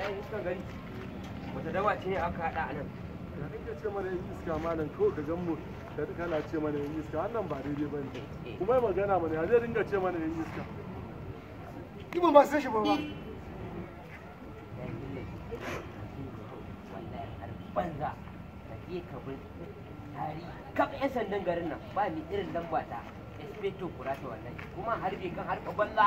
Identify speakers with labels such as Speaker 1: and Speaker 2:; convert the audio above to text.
Speaker 1: kayan iskan gari wata dawa ce aka haɗa a nan
Speaker 2: da kake ce mana yin iska malam ko ka gan mu ka kana ce mana yin iska wannan ba daidai ba ne eh. kuma yi magana mana ya zai dinga ce mana yin iska
Speaker 1: ki ba ma san shi ba ba eh. banza ka je ka bi tari kaf yan sandan garin nan ba ni irin lamba ta espeto kurata wallahi kuma harbe kan harba banza